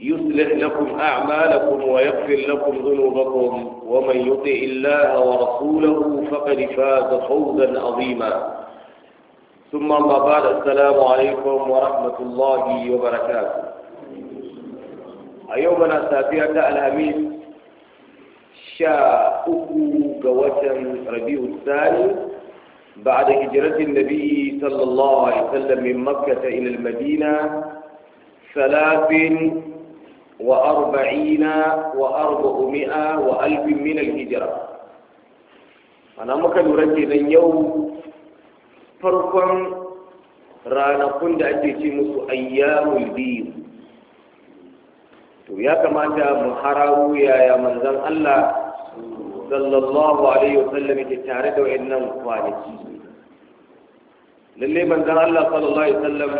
يصلح لكم أعمالكم ويغفر لكم ذنوبكم ومن يطع الله ورسوله فقد فاز فوزا عظيما ثم ما بعد السلام عليكم ورحمة الله وبركاته أيومنا سابعة الأمين شاء أكو ربيع الثاني بعد هجرة النبي صلى الله عليه وسلم من مكة إلى المدينة ثلاث وأربعين وأربعمائة وألف من الهجرة أنا مكان رجل يوم فرقم ranakun da ake ce musu ayyamul biyu to ya kamata mu hararu yaya manzon Allah sallallahu alaihi wasallam ke tare da wayannan kwanaki lalle manzon Allah sallallahu alaihi wasallam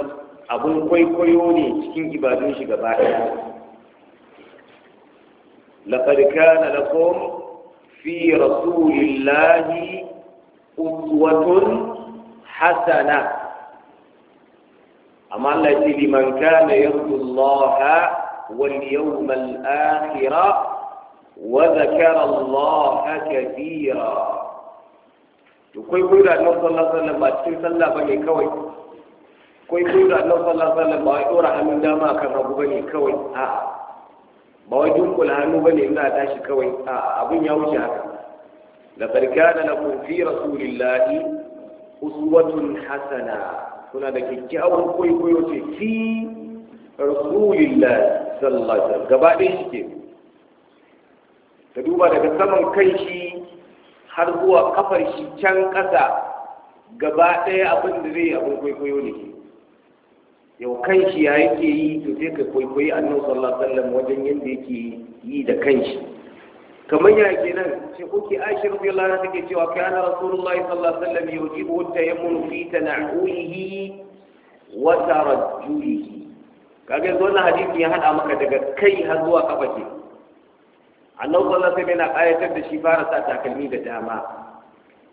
abun kwaikwayo ne cikin ibadun shi gaba ɗaya لقد كان لكم في رسول الله أسوة حسنة أما التي لمن كان يرجو الله واليوم الآخر وذكر الله كثيرا يقول كل النبي صلى الله عليه وسلم الله عليه وسلم كوي كل النبي صلى الله عليه وسلم أورا من دما كان أبو بني كوي ba wai dunkula hannu bane ne za tashi kawai a abin ya wuce haka laqad da na fi rasulillahi uswatun hasana kuna da kyakkyawan kwaikwayo ce fi rasulillahi sallallahu alaihi gaba ɗaya shi ke Ta duba daga saman kan shi har zuwa kafar shi can ƙasa gaba ɗaya abin da zai abin kwaikwayo ne yau kan shi ya yake yi to sai ka kwaikwayi annabi sallallahu alaihi wasallam wajen yadda yake yi da kanshi kamar ya ke nan shi kuke aisha rabbi Allah ta ke cewa kana rasulullahi sallallahu alaihi wasallam yujibu tayammun fi tana'ulihi wa tarajjulihi kaga yanzu wannan hadisi ya hada maka daga kai har zuwa kafa ke annabi sallallahu alaihi wasallam yana ayatar da shi fara sa takalmi da dama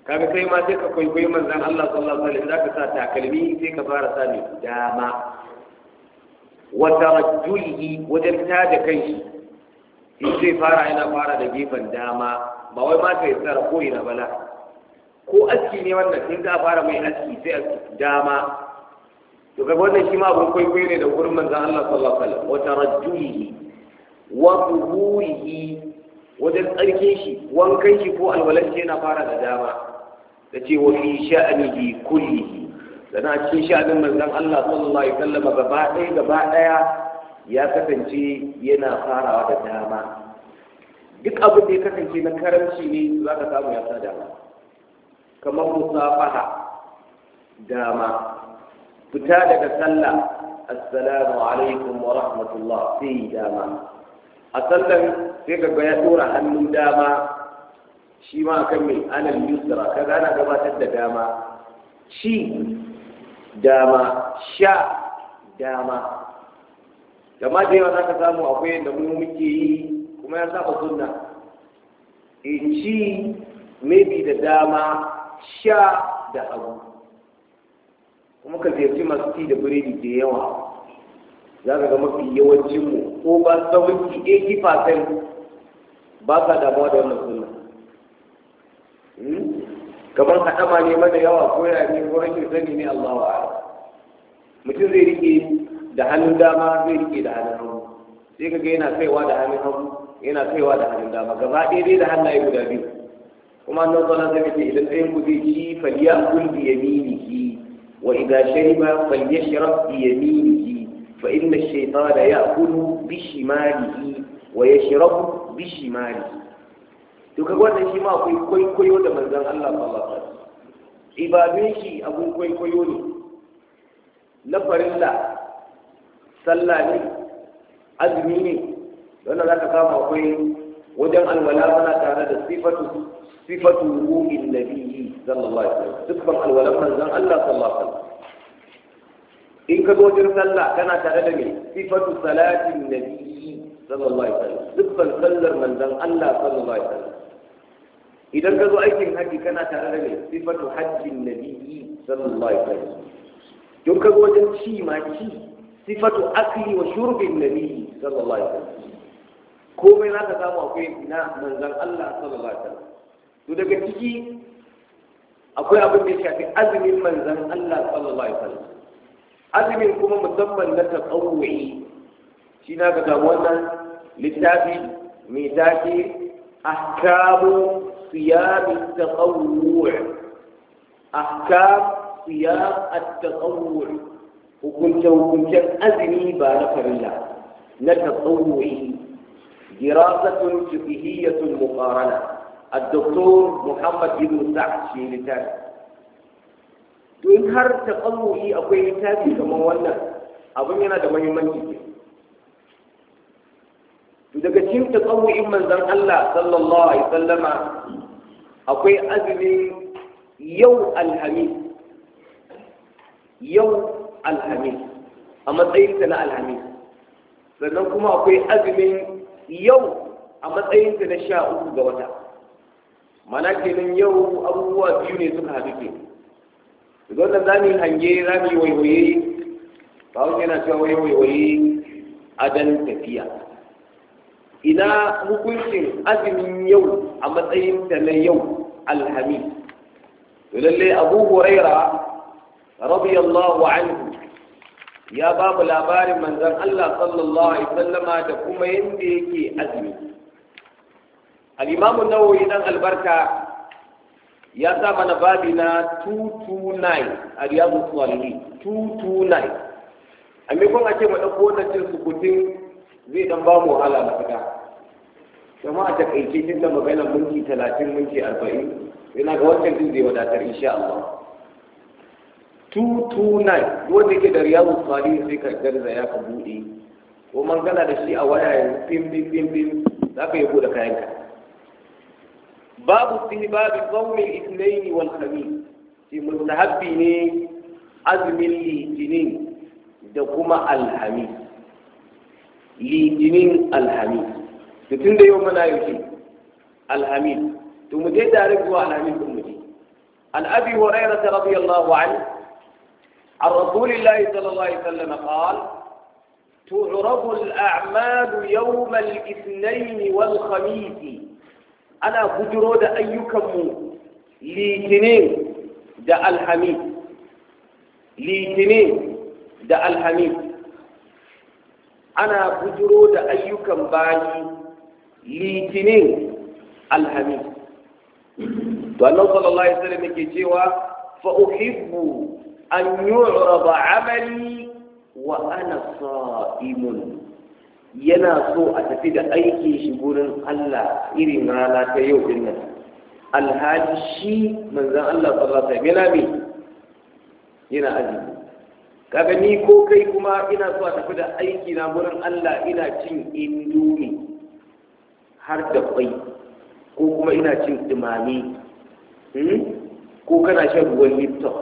kaga kai ma sai ka kwaikwayi manzon Allah sallallahu alaihi wasallam zaka sa takalmi sai ka fara sa ne dama wa tarajjulihi wajen kai kanshi in zai fara yana fara da gefen dama ba wai ma ka tsara ko ina bala ko aski ne wannan sun ka fara mai aski sai aski dama to ga wannan shi ma abin kwaikwayo ne da gurin manzan Allah sallallahu alaihi wasallam wa tarajjulihi wa zuhurihi wajen tsarkin shi wankan shi ko alwalan shi yana fara da dama da ce wa fi sha'anihi kullihi sana a cikin sha'anin manzon Allah sallallahu alaihi wasallam gaba ɗaya gaba ɗaya ya kasance yana farawa da dama duk abin da ya kasance na karamci ne za ka samu ya sa dama kamar musafaha dama fita daga sallah assalamu alaikum wa rahmatullah sai dama a sallan sai ka ya dora hannun dama shi ma kan mai alal yusra kaga ana gabatar da dama shi dama sha dama dama da yawa za ka samu akwai yadda mu muke yi kuma ya saba sunna in ci maybe da dama sha da abu kuma ka ziyarci masu ci da biredi da yawa za ka ga mafi yawancinmu ko ba sauki 80% ba sa damuwa da wannan sunna hmm? kamar haɗama ne mana yawa ko ya ne ko rashin sani ne Allahu a'lam mutum zai rike da hannun dama zai rike da hannun hagu sai kaga yana kaiwa da hannun hagu yana kaiwa da hannun dama gaba ɗaya dai da hannaye guda biyu kuma annan sallan zai ce idan ɗayan ku zai ci faliya kun bi yaminihi wa idan shariba falyashrab bi yaminihi fa inna ash-shaytana ya'kulu bi shimalihi wa yashrabu bi shimalihi to kaga wannan shi ma akwai kwaikwayo da manzan Allah sallallahu ba wasallam ibadun shi abun kwaikwayo ne na farilla sallah ne azumi ne wanda za ka kama akwai wajen alwala muna tare da sifatu sifatu ruhin nabiyyi sallallahu alaihi wasallam Dukkan alwala manzon Allah sallallahu alaihi wasallam in ka zo wajen sallah kana tare da me sifatu salatin nabiyyi sallallahu alaihi wasallam Dukkan sallar manzon Allah sallallahu alaihi wasallam idan ka zo aikin haji kana tare da mai sifatu hajjin nabiyyi sallallahu alaihi wasallam don ka zo wajen ci ma ci sifatu akli wa shurbin nabiyyi sallallahu alaihi wasallam komai za ka samu akwai ina manzon Allah sallallahu alaihi wasallam to daga ciki akwai abin da ya shafi azumin manzon Allah sallallahu alaihi wasallam azumin kuma musamman na tatawwi shi na ga wannan littafi mai take ahkamu صيام التطوع أحكام صيام التطوع وكنت وكنت أذني بارك الله لتطوعه دراسة فقهية مقارنة الدكتور محمد بن سعد شيلتان تنهر تطوعي أقوي تاتي كما ولا أظن أنا ده مهمني daga cikin tsawo in الله صلى الله عليه وسلم akwai azumi yau alhami yau alhami a matsayinta na alhamis sannan kuma akwai azumin yau a matsayinta na sha uku ga wata mana kenan yau abubuwa biyu ne suka haɗu ke daga wannan za mu yi hange za mu yi waiwaye ba wani yana cewa waiwaye a dan tafiya ina hukuncin azumin yau a matsayin da na yau alhamis to lalle abu huraira radiyallahu anhu ya ba mu labarin manzon Allah sallallahu alaihi wasallama da kuma yanda yake azumi al-imamu nawawi dan albarka ya sa mana babi na 229 a riyadu salihin 229 a maimakon a ce mu ɗauko wannan cin sukutin zai dan ba mu wahala na fita kuma a takaice tun da magana minti talatin minti arba'in yana ga wancan duk zai wadatar insha Allah 229 wanda ke da riyadu salihin sai ka garza ya ka buɗe ko mangana da shi a waya yanzu fim fim fim za ka yi buɗe kayanka babu istihbabi sawmi al-ithnayn wal khamis shi mustahabbi ne azumin litinin da kuma alhamis litinin alhamis da tun da yau muna yauki alhamis to mu je tare zuwa alhamis din mu je an abi hurairah radiyallahu anhu عن رسول الله صلى الله عليه وسلم قال تعرض الأعمال يوم الاثنين والخميس أنا بجرود أيكم تنين دا الحميد تنين دا الحميد أنا بجرود أيكم باني litinin alhamis wannan sallallahu alaihi wasallam yake cewa fa uhibbu an yu'rada amali wa ana sa'imun yana so a tafi da aiki shi gurin Allah irin rana ta yau din nan alhaji shi manzon Allah sallallahu alaihi wasallam yana yana azumi kaga ni ko kai kuma ina so a tafi da aiki na gurin Allah ina cin indomi har da kwai ko kuma ina cin dumame hmm? ko kana shan ruwan lipton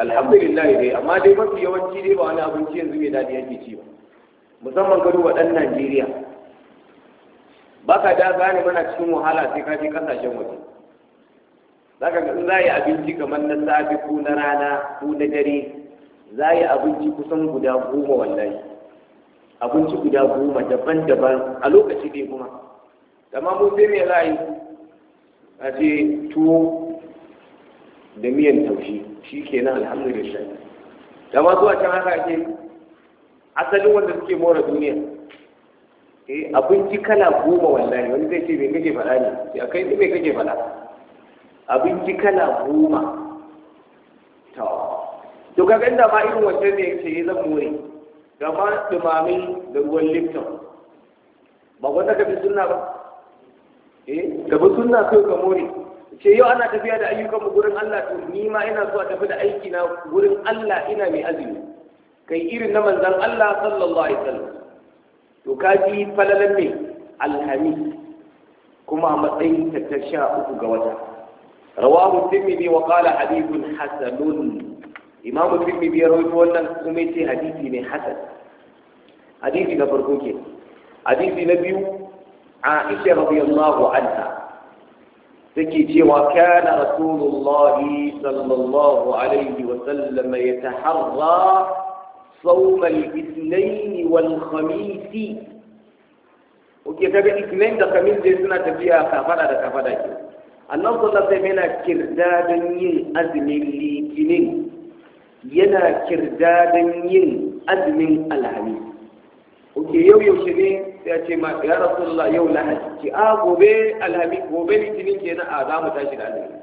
alhamdulillah dai amma dai mafi yawanci dai ba wani abinci yanzu mai daɗi yake ci ba musamman gado wa ɗan najeriya ba ka da gane mana cikin wahala sai ka je kasashen waje za ka in za a yi abinci kamar na safe ko na rana ko na dare za a yi abinci kusan guda goma wallahi abinci guda goma daban-daban a lokaci ne kuma amma mu sai mai layi a ce tuwo da miyan taushe shi ke nan alhamdulillah da ma zuwa can haka ake asalin wanda suke mora duniya eh abinci kala goma wallahi wani zai ce me kake faɗa ne sai akai ni me kake faɗa abinci kala goma to to ga ganda ma irin wancan ne ce zan more da dumamin da ruwan lifton ba wanda ka fi suna ba eh ka suna kai ka more ce yau ana tafiya da ayyukan mu gurin Allah to ni ma ina so a tafi da aiki na gurin Allah ina mai azumi kai irin na manzon Allah sallallahu alaihi wasallam to ka falalan ne alhamis kuma a matsayin ta ta sha uku ga wata rawahu tirmidhi wa qala hadithun hasanun imamu tirmidhi ya rawaito wannan kuma yace hadisi ne hasan hadisi na farko ke hadisi na biyu aisha radiyallahu anha take cewa kana rasulullahi sallallahu alaihi wa sallam yataharra صوم الاثنين والخميس oke kaga isnin da kamin dai suna tafiya kafada da kafada ke annan sallallahu alaihi wasallam yana kirdadin yin azumin litinin yana kirdadan yin azumin alhami oke yau yaushe ne sai ya ce ma ya rasulullah yau lahadi ki a ah, gobe alhami gobe litinin kenan a za mu tashi da azumi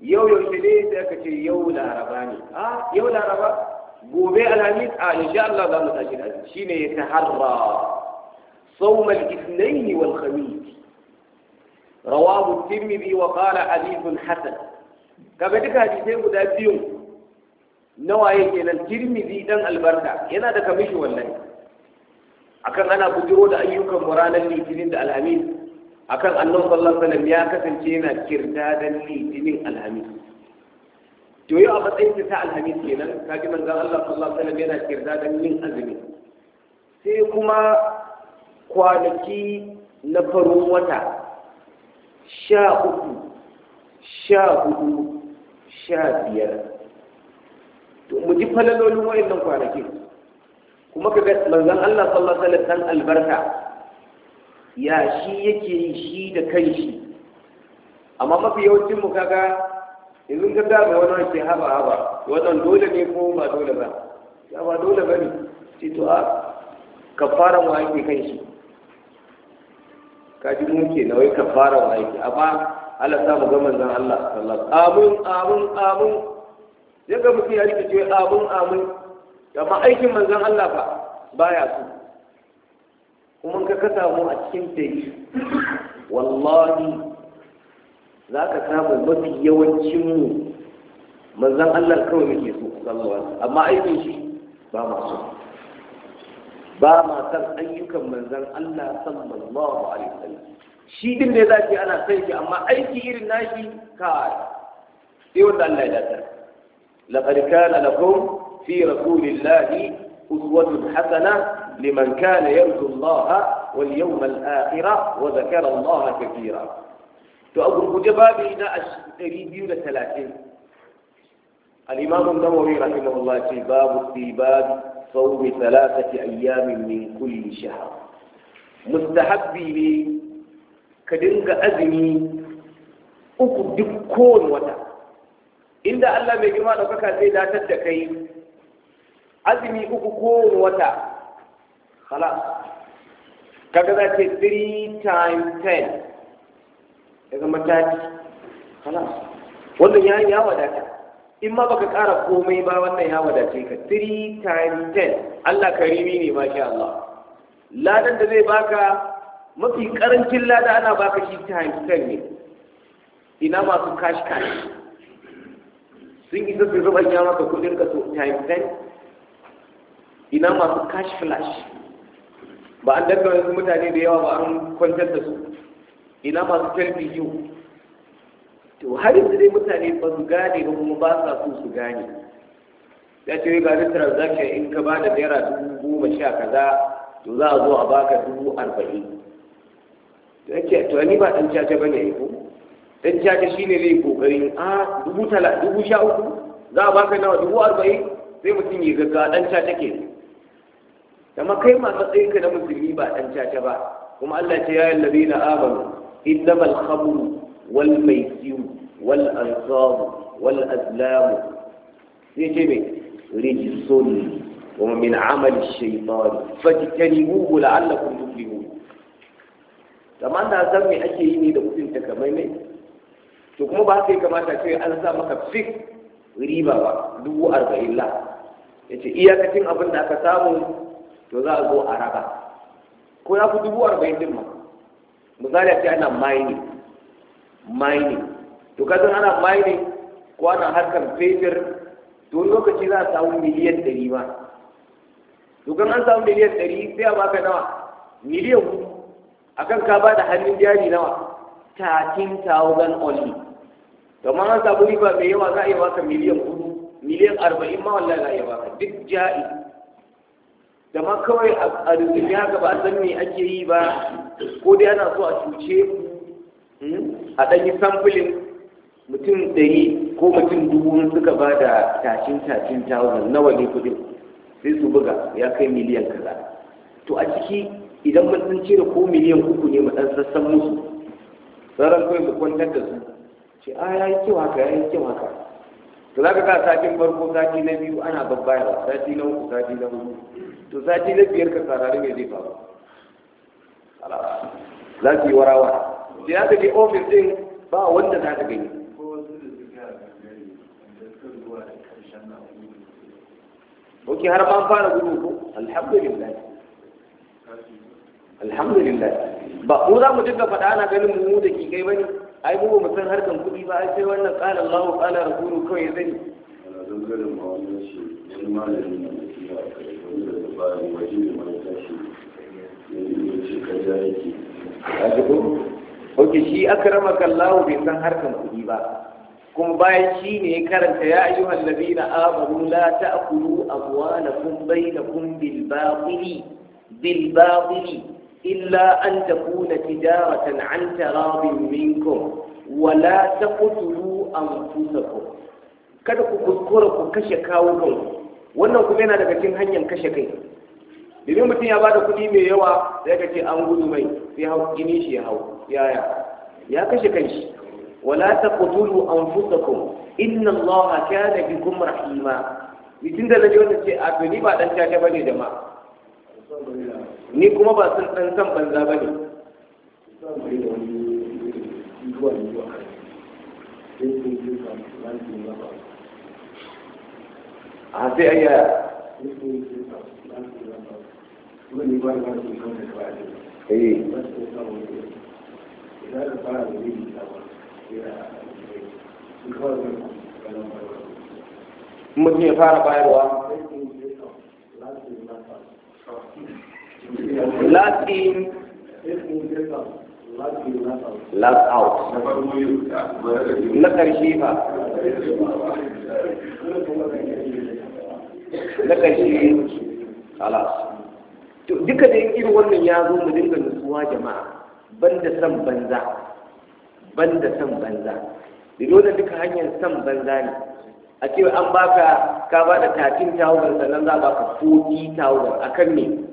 yau yaushe ne sai ka ce yau laraba ne a yau laraba gobe alhamis a insha Allah za mu tashi da Shi ne ya taharra صوم الاثنين والخميس رواه الترمذي وقال حديث حسن kaga duka hadisai guda biyu nawa kenan nan tirmidhi dan albarka yana da kamishi wallahi akan ana bujiro da ayyukan mu ranar litinin da alhamis akan annan sallallahu alaihi wasallam ya kasance yana kirdadan litinin alhamis to yau a matsayin ta alhamis kenan kaji manzon Allah sallallahu alaihi wasallam yana kirdadan min azumi sai kuma kwanaki na farin wata sha uku sha hudu sha biyar to mu ji falalolin wayannan kwanaki kuma ka ga manzon Allah sallallahu alaihi wasallam albarka ya shi yake yi shi da kanshi amma mafi yawancin mu kaga idan ka ga wani ke haba haba wannan dole ne ko ba dole ba ya ba dole ba ne sai to a ah, kafara wa yake kanshi ka ji mu ke nawai kafara wa yake amma Allah ta mu ga manzon Allah sallallahu alaihi wasallam amin amin amin yadda mutum ya rike ce abun amin amma aikin manzan Allah ba baya su kuma ka ka samu a cikin teji wallahi za ka samu mafi yawancin mu Allah kawai muke so sallallahu amma aikin shi ba masu ba ma ayyukan manzan Allah sallallahu alaihi wasallam shi din da ya zaki ana sai shi amma aiki irin nashi ka sai wanda Allah ya dace لقد كان لكم في رسول الله أسوة حسنة لمن كان يرجو الله واليوم الآخرة وذكر الله كثيرا فأقول جبابي بين أشتري ثلاثين الإمام النووي رحمه الله في باب استيباب صوم ثلاثة أيام من كل شهر مستحب لي كدنك أذني أكو دكون وتعب inda Allah mai girma ɗaukaka zai datar da kai azumi uku ko wata hala kaga za ce 3 times 10 ya zama tashi khalas wannan ya ya wadata in ma baka ƙara komai ba wannan ya wadace ka 3 times 10 Allah karimi ne masha Allah ladan da zai baka mafi karancin lada ana baka shi times 10 ne ina masu cash cash sun isa su zuba maka kudin ka so time ten ina masu cash flash ba an daga wasu mutane da yawa ba an kwantar da su ina masu telbiyu to har yanzu dai mutane ba su gane ba kuma ba sa so su gane ya ce ga ni transaction in ka ba da naira dubu goma sha kaza to za a zo a baka dubu arba'in to ya ce to ni ba dan caca ba ne ko dan caca shi ne zai kokarin a ah, dubu tala dubu sha uku za a baka nawa dubu arba'in sai mutum ya gaggawa dan caca ke amma kai ma matsayin ka na musulmi ba dan caca ba kuma Allah ce ya yallabi na amanu innamal khamru wal maisir wal ansab wal azlam sai ce me rijisun wa min amali shaytan fajtanibuhu la'allakum tuflihun kamar da san me ake yi ne da mutum takamai to kuma ba sai kamata ce an sa maka fix riba ba dubu arba'in la ya ce iyakacin abin da aka samu to za a zo a raba ko ya fi dubu arba'in din ma misali a ce ana mining mining to kasan ana mining ko ana harkar fetur to lokaci za a samu miliyan ɗari ma to kan an samu miliyan ɗari sai a baka nawa miliyan hudu akan ka ba da hannun jari nawa 13,000 only kamar an sabu riba mai yawa za a yi baka miliyan hudu miliyan arba'in ma wallahi za a yi baka duk ja'i da ma kawai a rikin ya gaba a san me ake yi ba ko dai ana so a cuce hmm, a ɗan yi samfulin mutum ɗari ko mutum dubu suka ba da tashin tashin tawunan nawa ne kudin sai su buga ya kai miliyan kaza to a ciki idan mun san cire ko miliyan uku ne mu ɗan sassan musu sauran kawai mu kwantar da su ce a ah, ya yi kyau haka ya yi kyau haka to za ka ka satin farko sati na biyu ana babbayarwa sati na uku sati na hudu to sati na biyar ka sarari mai zai faru za su yi warawa sai za ka je ofis din ba wanda za ka gani ok har ban fara gudu ko alhamdulillah alhamdulillah ba ko za mu dinga faɗa ana ganin mu da kikai bane ai bugu mu san harkan kuɗi ba ai sai wannan qala Allahu qala rasulu kawai zai zani dangane ma wannan shi yan malamin da a wanda ne ka shi bai san harkan kuɗi ba kuma bayan shi ne ya karanta ya ayyuhal ladina amanu la ta'kulu amwalakum bainakum na kun bil batili إلا أن تكون تجارة عن تراض منكم ولا تقتلوا أنفسكم kada ku kuskura ku kashe kawo kanku wannan kuma yana daga cikin hanyar kashe kai domin mutum ya bada kuɗi mai yawa sai ka ce an gudu mai sai hau gini shi hau yaya ya kashe kanshi wala taqtulu anfusakum inna allaha kana bikum rahima mutum da nabi wanda ce a to ni ba dan ta bane da ma ni kuma ba sun ɗan san banza ba ne a sai eh. mutum ya fara bayarwa Last in, last out. Na ƙarshe ba. Na ƙarshe, alas. Duka da irin wannan ya zo mu dinga nutsuwa jama'a, banda san banza, banda san banza. Da dole duka hanyar san banza ne. a ce an baka ka ba da takin tawagar sannan za ba ka tawagar a kan ne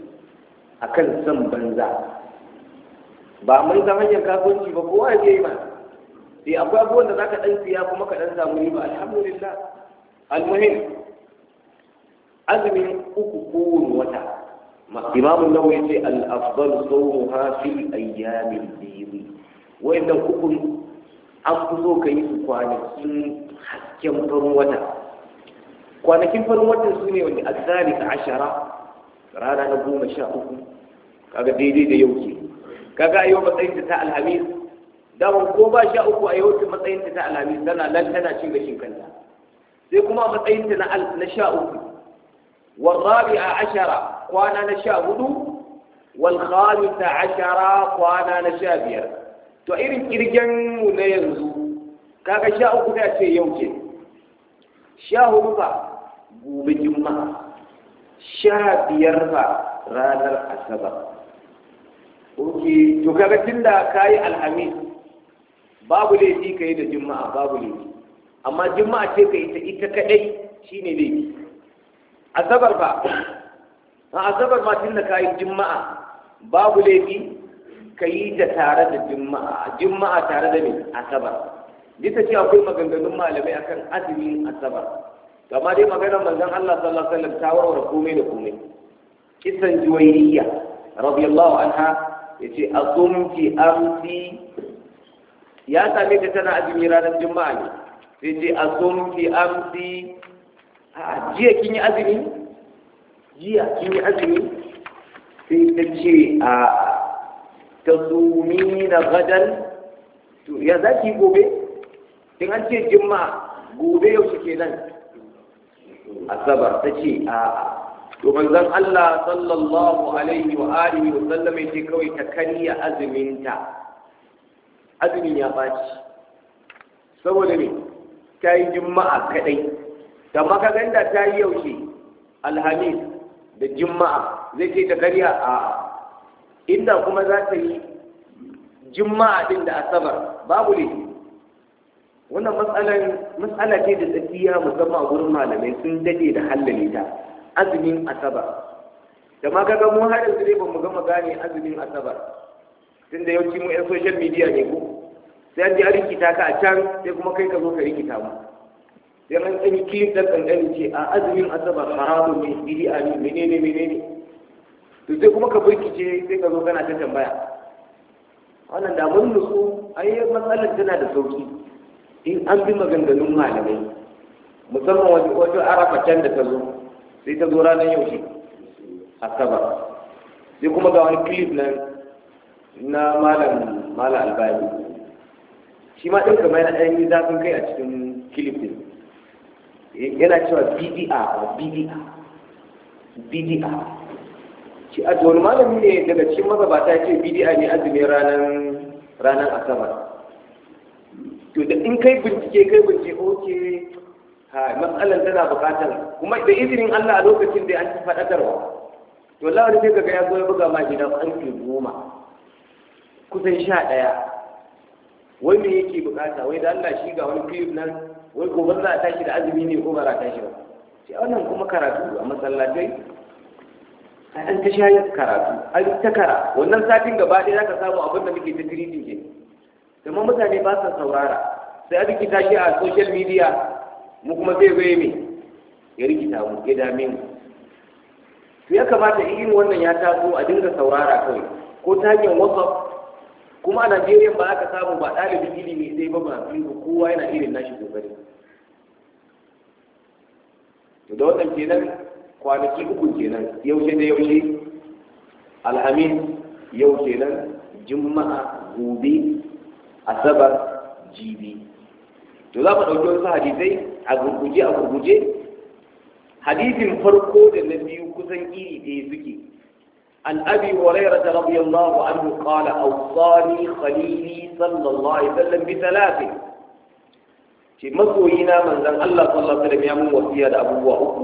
a kan son banza ba mun san hanyar kasuwanci ba kowa ya yi ba? sai eh, akwai abubuwan da za ka ɗan siya kuma ka ɗan samu riba alhamdulillah almuhim azumin uku kowane wata imamun nawa ya ce al-afdal fil ayyamin biyu wayannan uku. an fi so ka yi su kwanakin hasken farin wata kwanakin farin wata su ne wanda azali ta ashara rana na goma sha uku kaga daidai da yau ke kaga a yau matsayin ta alhamis daman ko ba sha uku a yau matsayin ta alhamis tana nan tana cin gashin kanta sai kuma matsayin ta na sha uku warrabi a ashara kwana na sha hudu ashara kwana na sha biyar. to irin kirgen mu na yanzu kaga sha uku da ce yau ce sha hudu ba gobe juma'a sha biyar ba ranar asabar ok to kaga tun da ka yi alhamis babu laifi ka yi da juma'a babu laifi amma juma'a ce ka yi ita ita kadai ne laifi asabar ba a asabar ma ka yi juma'a babu laifi ka yi ta tare da juma'a juma'a tare da mai asabar duk ce akwai maganganun malamai akan azumin asabar Gama dai maganar manzon Allah sallallahu alaihi wasallam ta warware komai da komai kisan juwayriya radiyallahu anha yace asumti amsi ya same ta tana azumi ranar juma'a ne sai ce asumti amsi a jiya kin yi azumi jiya kin yi azumi sai ta ce a tasumina gadan to ya zaki ki gobe in an ce jimma gobe yaushe nan? asabar ta ce a to manzon Allah sallallahu alaihi wa alihi wa sallam yace kawai ta karya azuminta azumin ya baci saboda me ta yi juma'a kadai ka ganda ta yi yaushe alhamis da juma'a zai ce ta karya a inda kuma za ta yi juma'a din da asabar babu ne wannan matsalar matsala ce da tsakiya musamman a gurin malamai sun dade da hallale ta azumin asabar da ma kaga mu har yanzu dai bamu gama gane azumin asabar tunda yawanci mu yan social media ne ko sai an ji a rikita ka a can sai kuma kai ka zo ka rikita mu sai an tsani kilin ɗan ƙanƙani ce a azumin asabar haramun ne bid'a ne menene menene to sai kuma ka ce sai ka zo kana ta tambaya wannan da mun nutsu ai matsalar tana da sauki in an bi maganganun malamai musamman wani wato arafa can da ta zo sai ta zo ranar yaushe asabar sai kuma ga wani clip nan na malam malam albani shi ma ɗin kamar yana ɗan zafin kai a cikin clip din yana cewa bda bda bda shi a wani malami ne daga cikin magabata ce bidi'a ne azumi ranar ranar asabar to da in kai bincike kai bincike ok ha matsalar tana bukatar kuma da izinin Allah a lokacin da an ci faɗakarwa to Allah wani sai kaga ya zo ya buga ma gidan ƙarfe goma kusan sha ɗaya wai me yake bukata wai da Allah shi ga wani fiye nan wai gobe za a tashi da azumi ne ko ba za a tashi ba sai wannan kuma karatu a masallatai an ta sha karatu an ta kara wannan satin gaba ɗaya zaka samu abin da muke ta tirin ne kuma mutane ba sa saurara sai a rikita shi a social media mu kuma zai zai me ya rikita mu ya dame mu to ya kamata irin wannan ya taso a dinga saurara kawai ko ta hanyar whatsapp kuma a najeriya ba aka samu ba ɗalibin ilimi sai ba ba kowa yana irin nashi kokari to da wannan kenan kwanaki uku kenan yaushe da yaushe alhamis yau kenan juma'a gobe asabar jibi to za mu ɗauki wasu hadisai a gurguje a gurguje hadisin farko da na biyu kusan iri ɗaya suke an abi hurairah radiyallahu anhu qala awsani khalili sallallahu alaihi wasallam bi thalathin ce masoyina manzon Allah sallallahu alaihi ya mun wasiya da abubuwa uku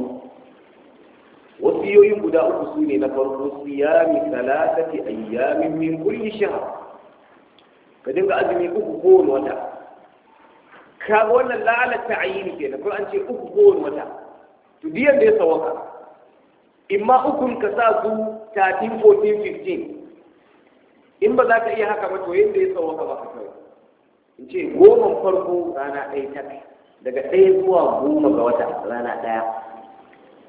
wasiyoyin guda uku su ne na farko siyami talatati ayyamin min kulli shahr ka dinga azumi uku kowane wata ka wannan lalata ayyini ke ko an ce uku kowane wata to diyan da ya sawaka imma ukun ka sa su 13 14 15 in ba za ka iya haka ba to yadda ya sawaka ba ka kawai in ce goma farko rana ɗaya ta daga ɗaya zuwa goma ga wata rana ɗaya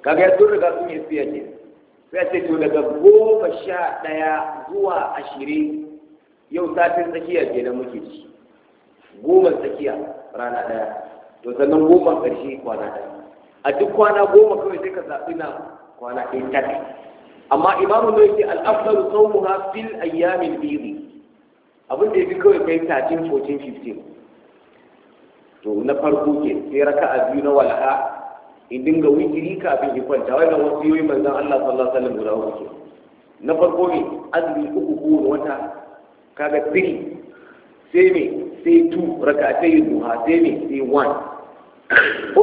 kaga ya tura riga sun yi siya ce sai ce to daga goma sha ɗaya zuwa ashirin yau satin tsakiya ke da muke ci goma tsakiya rana ɗaya to sannan goma ƙarshe kwana ɗaya a duk kwana goma kawai sai ka zaɓi na kwana ɗaya tak amma imamu ne yake al'afdalu sawmuha fil ayyamin bidi abin da ya fi kawai kai tatin 14 15 to na farko ke sai raka'a biyu na walaha in dinga wikiri kafin ki kwanta wai ga wasu yoyi manzan Allah sallallahu alaihi wasallam guda uku na farko ne azumi uku ko wata kaga 3 sai me sai 2 rakatai duha sai me sai 1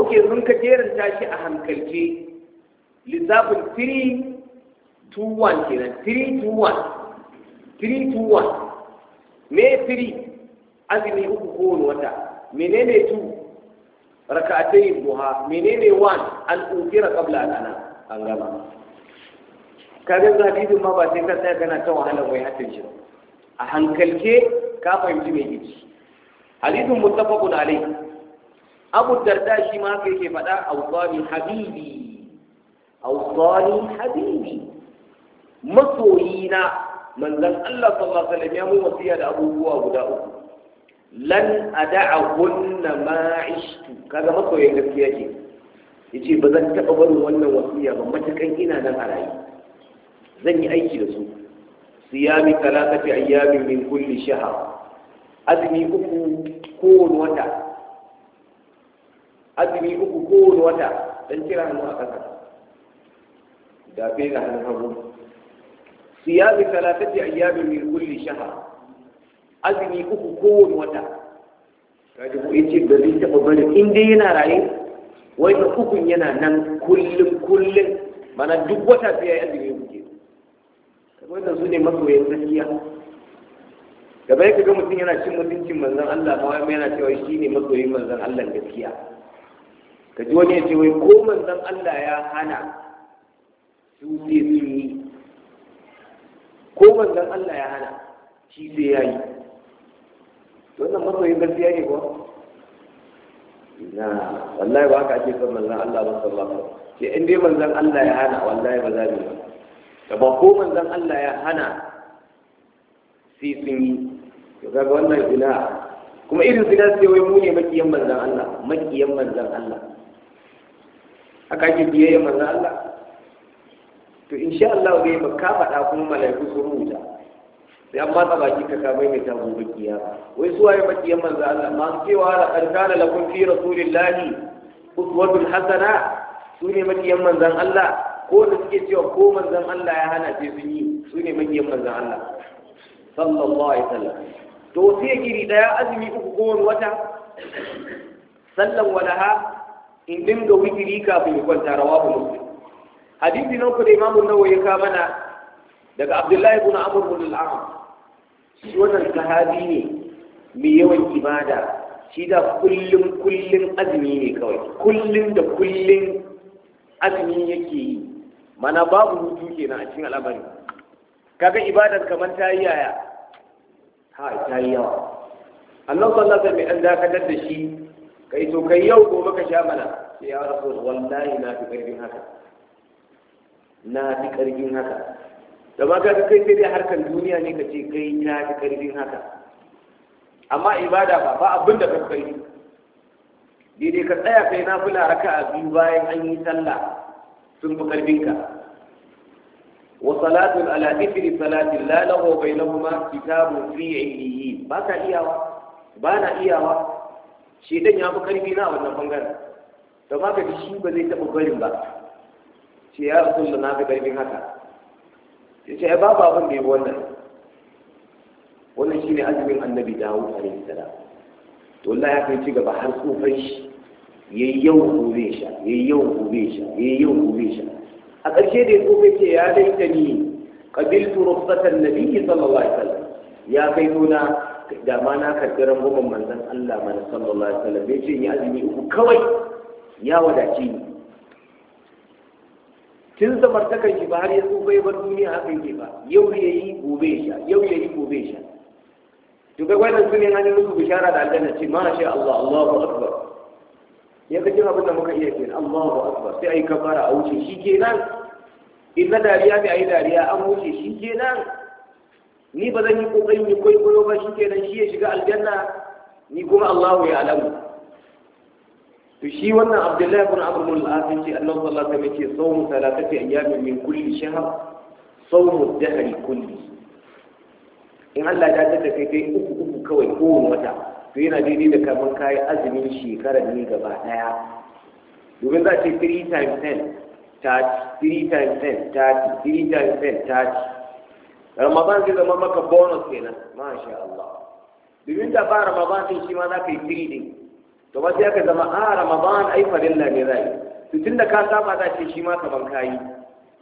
ok mun ka jerin tashi a hankalce lissafin 3 2 1 kenan 3 2 1 3 2 1 me 3 azumi uku ko wata menene 2 raka'atay duha menene wan an ukira qabla an ana an gama kaga hadisin ma ba sai ka tsaya kana ta wahala mai hatin shi a hankalke ka fahimci me yake hadisin muttafaqun alayhi abu darda shi ma ke ke faɗa awsani habibi awsani habibi masoyina manzon Allah sallallahu alaihi wasallam ya mu wasiya da abubuwa guda uku lan a ada'ahunna ma ishtu zama koyon gaskiya ce ba zan taɓa barin wannan wasiya ba matakan ina nan a rayu zan yi aiki da su siyami talatati ayyamin min kulli shaha. azumi uku kowane wata azumi uku kowane wata dan kira hannu a kasa da fe da hannun hagu siyami talatati ayyamin min kulli shaha. azumi uku kowane wata rajibu ya ce ba zai taɓa bari in dai yana raye wata ukun yana nan kullum kullum mana duk wata sai ya yi azumi uku ke wannan su ne masoyan gaskiya bai ka ga mutum yana cin mutuncin manzan Allah ma wai yana cewa shi ne masoyin manzan Allah gaskiya ka ji wani ya ce wai ko manzan Allah ya hana su sai sun yi ko manzan Allah ya hana shi sai ya yi wannan masoyin gaskiya ne kuwa na wallahi ba ka ce kan manzan Allah ba sallallahu alaihi wasallam in dai manzan Allah ya hana wallahi ba za mu ba da ba ko manzan Allah ya hana sai sun yi to kaga wannan zina kuma irin zina sai wai mu ne makiyan manzan Allah makiyan manzan Allah aka ji biyayya manzan Allah to insha Allah zai ba ka faɗa kuma malaiku su rubuta sai an matsa baki ka ka mai ta gobe kiya wai su waye makiyan manzo Allah ma su cewa la kana lakum fi rasulillahi uswatul hasana su ne makiyan manzon Allah ko da suke cewa ko manzan Allah ya hana ce sun yi su ne makiyan manzon Allah sallallahu alaihi wasallam to sai giri daya azumi uku ko wata sallan walaha in dinga witiri kafin kwanta rawahu muslim hadisi na ku da imamu nawawi ya ka mana daga abdullahi ibn amr ibn al-am shi wannan sahabi ne mai yawan ibada shi da kullum kullum azumi ne kawai kullum da kullum azumi yake yi mana babu hutu kenan a cikin al'amari kaga ibadar kamar ta yi yaya ha ta yi yawa annan sallah sai mai an dakatar da shi kai to kai yau gobe ka sha mana sai ya rasul wallahi na fi karfin haka na fi karfin haka da ma ka kai sai dai harkar duniya ne ka ce kai na ta karfin haka amma ibada ba ba abin da ka kai daidai ka tsaya kai na fula raka a biyu bayan an yi sallah sun fi ka. wa Salatu ala ifri salatin la lahu bainahuma kitabun fi ilmihi ba ka iyawa ba na iyawa shi dan ya fi karfi na wannan bangaren to ma ka ji shi ba zai taɓa barin ba ce ya rasulullah na fi karfin haka ya ce babu abin da ya bi wannan wannan shine azumin annabi dawud alaihi salam to Allah ya kai ci gaba har tsufan shi yayi yau gobe sha yayi yau gobe sha yayi yau gobe sha a ƙarshe da ya ce ya daita ni qabiltu rufsatan nabiyyi sallallahu alaihi wasallam ya kai nuna da ma na karɓi rangwamen manzon Allah mana sallallahu alaihi wasallam ya ce ni azumi uku kawai ya wadace ni tun samartakan shi ba har yanzu bai bar duniya haka yake ba yau ya yi gobe sha yau ya yi gobe sha to ga wannan su ne hannun musu bishara da aljanna ce ma sha Allah Allahu akbar ya ga jin abin da muka iya kenan Allahu akbar sai ai kafara a wuce shi kenan in na dariya ne ayi dariya an wuce shi kenan ni ba zan yi kokarin yi kwaikwayo ba shi kenan shi ya shiga aljanna ni kuma Allahu ya alamu to shi wannan abdullahi ibn amr ibn al-as yace annabi sallallahu alaihi wasallam yace sawmu salatati ayyamin min kulli shahr sawmu dahri kulli in Allah ya tada kai kai uku uku kawai ko wata to yana daidai da kamar kayi azumin shekarar ne gaba daya domin za a ce 3 times 10 tati, 3 times 10 tati, 3 times 10 30 ramadan zai zama maka bonus kenan masha Allah domin da ba ramadan shi ma za ka yi 3 din Gaba sai aka zama a ah, ramadan ai farilla ne zai to tunda ka saba za ce shi ma kaman kayi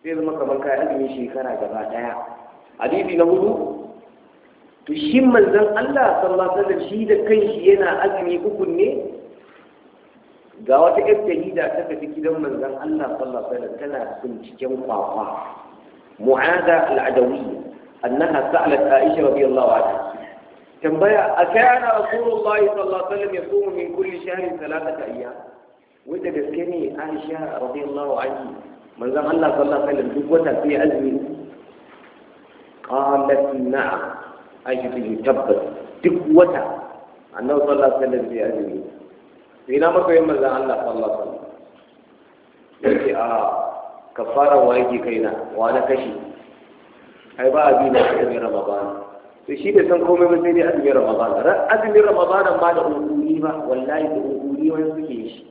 sai zama kaman kayi azumin shekara gaba daya hadisi na hudu to shi manzon Allah sallallahu alaihi wasallam shi da kanshi yana azumi uku ne ga wata yar jarida ta tafi gidan manzon Allah sallallahu alaihi wasallam tana binciken kwakwa mu'ada al-adawiyya annaha sa'alat Aisha radiyallahu anha tambaya a kai kana rasulullah sallallahu alaihi wasallam yasumu min kulli ta thalathata Wai da gaske ne Aisha radiyallahu anha manzon Allah sallallahu alaihi wasallam duk wata sai azumi qalat na'am ayyuhu tabbas duk wata annabi sallallahu alaihi wasallam sai azumi sai na maka yin manzon Allah sallallahu alaihi wasallam yace a ah, kafara wa yake kaina wa na kashi ai ba abi na kai Ramadan to shi bai san komai ba sai dai azumin ramadana ran azumin ramadana ba da unguni ba wallahi da unguni wani suke yi shi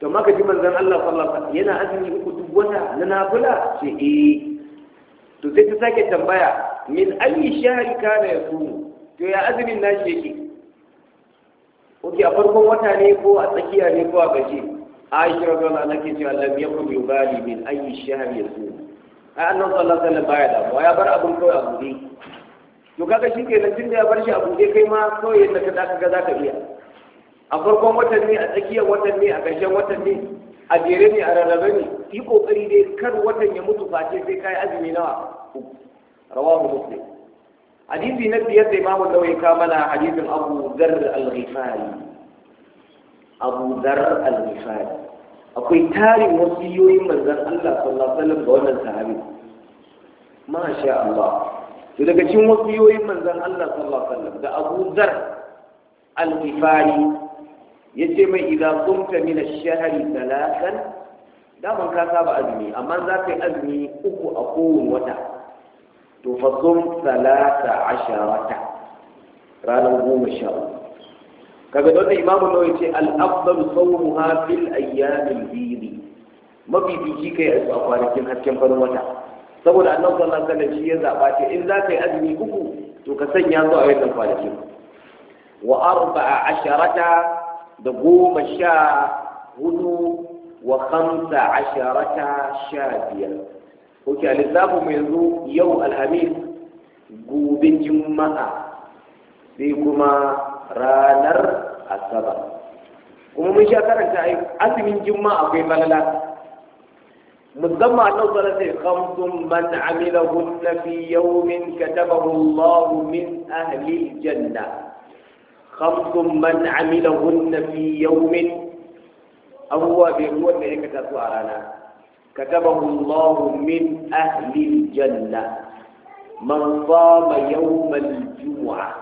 to maka ji manzon Allah sallallahu alaihi yana azumi uku duk wata na nafila ce eh to sai ta sake tambaya min ayi shahri kana yasumu to ya azumin nashi yake oke a farkon wata ne ko a tsakiya ne ko a gaji aisha radiyallahu anha ke cewa lam yakun yubali min ayi shahri yasumu ai annabi sallallahu alaihi wasallam baya da ya bar abun kawai a buɗe to kaga shi ke nan tunda ya bar shi a buɗe kai ma kawai yadda ka zaka ga zaka iya a farkon watan ne a tsakiyar watan ne a ƙarshen watan ne a jere ne a rarrabe ne yi kokari dai kar watan ya mutu face sai kai azumi nawa rawahu muslim hadisi na biyar da imamu nawawi ka mana hadisin abu dhar al-ghifari abu dhar al-ghifari akwai tarin wasiyoyin manzon Allah sallallahu alaihi wasallam ga wannan sahabi masha Allah to daga cikin wasiyoyin manzon Allah sallallahu alaihi wasallam da Abu Zar al-Ghifari yace mai idza qumta min ash-shahri thalathan da man ka saba azumi amma za ka yi azumi uku a kowane wata to fa qum thalatha asharata ranar goma sha uku kaga da imamu nawawi ce al-afdalu sawmuha fil ayyamil bidi mafi fiji kai a kwanakin hasken farin wata saboda annabi sallallahu alaihi wasallam shi ya zaba ce in za ka yi azumi uku to ka sanya zuwa wannan kwanakin wa arba'a asharata da goma sha hudu wa khamsa asharata sha biyar kuke a lissafin mu yanzu yau alhamis gobe juma'a sai kuma ranar asabar kuma mun sha karanta azumin juma'a akwai balala musamman annan sana sai khamsun man amila hunna fi yawmin katabahu Allah min ahli janna khamsun man amila hunna fi yawmin abubuwa bai ruwan da ya kata su a rana katabahu Allah min ahli janna man fama yawmal jumu'a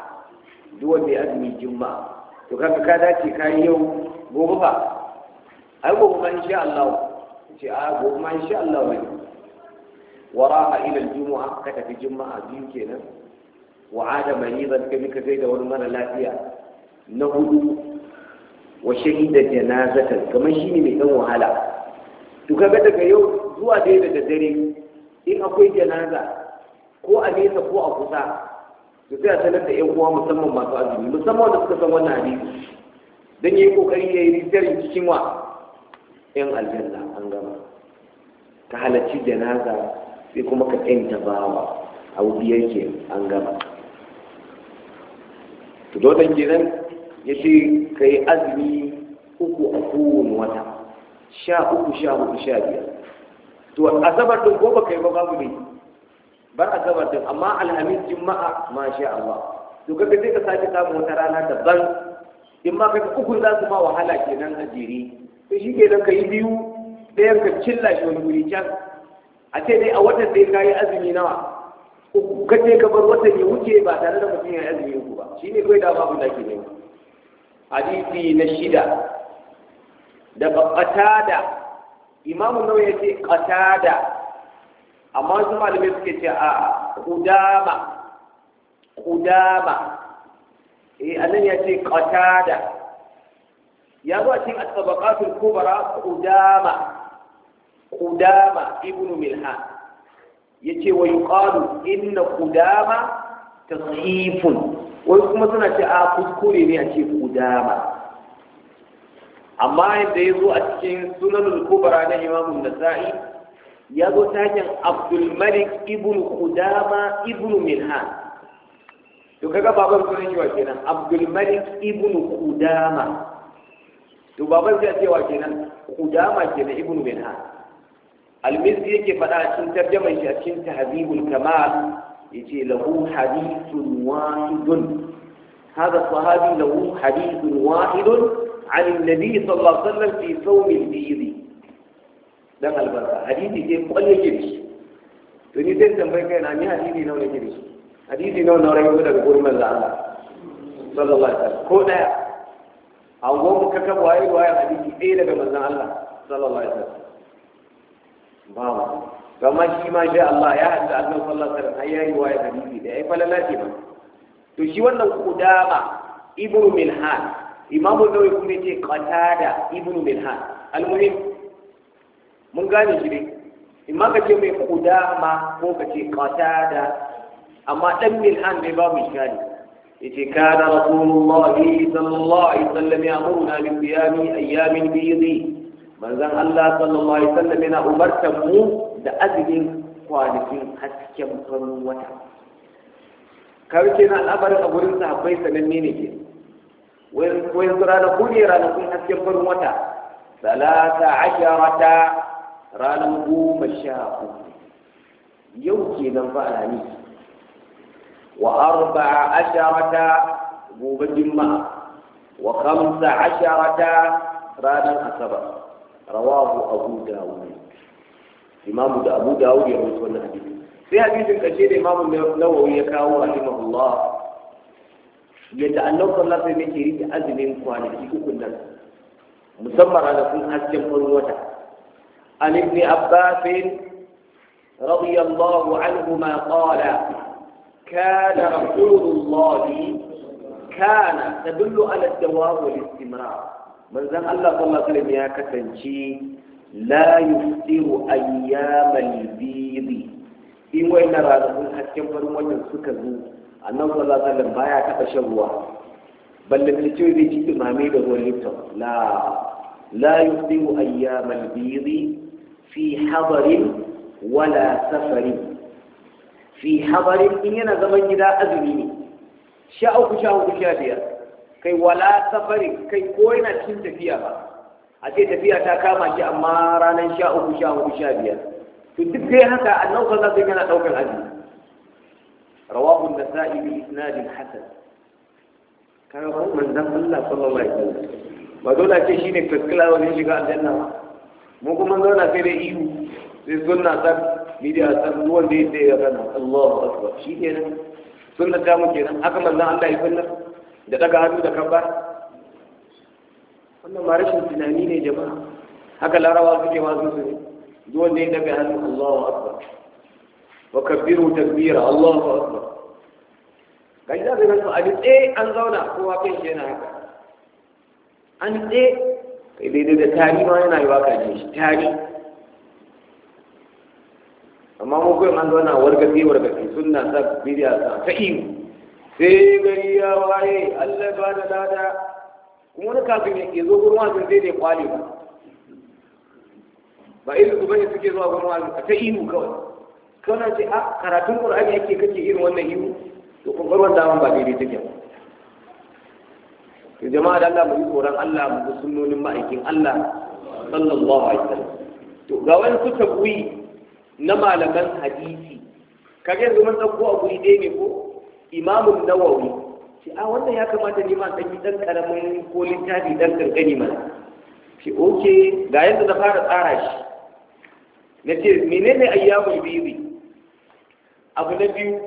duk wanda ya azumi juma'a to kanka ka dace ka yau gobe fa ai gobe ma insha Allah ce a gobe ma insha Allah zan waraha ila juma'a ka tafi juma'a biyu kenan wa ada maridan ka bi ka da wani mara lafiya na hudu wa shahida janazatan kamar shine mai dan wahala to kaga daga yau zuwa dai daga dare in akwai janaza ko a nesa ko a kusa to sai a sanar da yan uwa musamman masu azumi musamman wanda suka san wannan hadisi dan yayi kokari yayi risarin cikin wa yan aljanna an gama ka halarci janaza sai kuma ka yanta bawa a biyar an gama to dodon kenan ya ce ka yi azumi uku a kowane wata sha uku sha uku sha biyar to asabar ɗin ko ba ka yi ba babu ne bar asabar ɗin amma alhamis juma'a ma sha Allah to kaga sai ka sake samun wata rana daban in ma kai ukun za su ba wahala kenan a jere to shi ke ka yi biyu ɗayan ka cilla shi wani wuri can a ce dai a watan sai ka yi azumi nawa uku ka ce ka bar watan ya wuce ba tare da mutum ya yi azumi uku ba shi ne kawai dama abin da ke nema hadisi na shida daga ƙatada. imamu nawa ya ce ƙatada? amma wasu malamai suke ce a kudama kudama eh annan ya ce ƙatada. ya zo a cikin at-tabaqatul kubra qudama qudama ibnu milhan yace wa yuqalu inna kudama tasifun wai kuma suna ce a kuskure ne a ce kudama amma yadda ya zo a cikin sunanul kubara na imamun nasa'i ya zo ta hanyar malik ibnu kudama ibnu milha to kaga baban sunan wa kenan abdulmalik ibnu kudama to baban zai wa kenan kudama ke da ibnu minha almizi yake fada a cikin tarjaman shi a cikin tahzibul kamal yace lahu hadithun wahidun hada sahabi lahu hadithun wahidun عن النبي sallallahu alaihi wasallam fi في صوم البيض dan albarka hadithi ke kwalle ke shi to ni zai tambayi kai na ni hadisi nawa ne ke shi hadisi nawa nawa rayu daga gurbin Allah sallallahu alaihi wasallam ko daya an gwamnu ka kaba waye waye hadisi ɗaya daga manzon Allah sallallahu alaihi wasallam ba mu kamar shi ma sha Allah ya hadda Allah sallallahu alaihi wasallam yayi waye hadisi da ai falala ce ba to shi wannan kudama ibnu milhan imamu nawawi kuma yace qatada ibnu milhan almuhim mun gane shi dai imma ka ce mai kudama ko ka ce qatada amma dan milhan bai babu shikali إذ كان رسول الله صلى الله عليه وسلم يأمرنا بصيام أيام بيض من زن الله صلى الله عليه وسلم أنا أمرتم لأجل kwanakin hasken farin wata kawai ke na al'amarin a gurin sahabbai sananne ne ke wani su ranaku ne ranakun hasken farin wata talata asharata ranar goma sha yau ke nan ba وأربع عشرة غوب الجمعة وخمس عشرة رانا الأسبر رواه أبو داود إمام أبو داود يروي سنة حديث في حديث كثير إمام النووي يكاو رحمه الله يتعلق الله في مجرد أزم كوانتي كنا مسمى على كل أزم قروة عن ابن عباس رضي الله عنهما قال كان رسول الله كان تدل على الدوام والاستمرار من ذن الله صلى الله عليه وسلم يا كتنشي لا يفتر أيام البيض in wa'ina ranakun hasken farin wannan suka zo annabi sallallahu alaihi wasallam baya taba shan ruwa balle ne ce zai ci imame da ruwan lipton la la yusiru ayyamal fi hadarin wala safarin fi habarin in yana zaman gida azumi ne sha uku sha uku, sha biyar kai wala safari kai ko yana cin tafiya ba a ce tafiya ta kama shi amma ranar sha uku sha uku, sha biyar to duk dai haka annan kaza zai yana ɗaukar azumi rawahu nasa'i bi isnadin hasan kana ko manzon Allah sallallahu alaihi wasallam ba dole ce shine first class wani shiga aljanna ba mu kuma zauna sai da ihu sai sunna ta bid'a san wanda ya ce ya kana Allahu akbar shi kenan sunna ta mu nan, haka manzon Allah ya sunna da daga hannu da kabbar wannan ma rashin tunani ne jama'a haka larawa suke masu su ne duk wanda ya daga hannu Allahu akbar wa Kabiru kabbiru takbira Allahu akbar kai da zai su ali tsaye an zauna kowa kai shi yana haka an tsaye kai daidai da tari ma yana yi waka ne shi tari amma mu kai an zauna warga wargafi sunna sa bidiya ta ihu sai gari ya waye Allah ba da lada kuma wani kafin ya zo gurin wasan zai da kwale ba ba ilu ku bane suke zuwa gurin wasan ta ihu kawai kana ce a ah, karatun qur'ani yake kake irin wannan ihu to kokarwar daman ba daidai take ba to jama'a da Allah mu yi tsoron Allah mu sunnonin ma'aikin Allah sallallahu alaihi wasallam to ga wani su tabwi na malaman hadisi kage yanzu mun dauko a guri dai ne ko imamun nawawi ce a ah, wannan ya kamata ne ma dan dan karamin ko littafi dan kankani mana ce oke ga yanzu na fara tsara shi na ce menene ayyamul bibi abu na biyu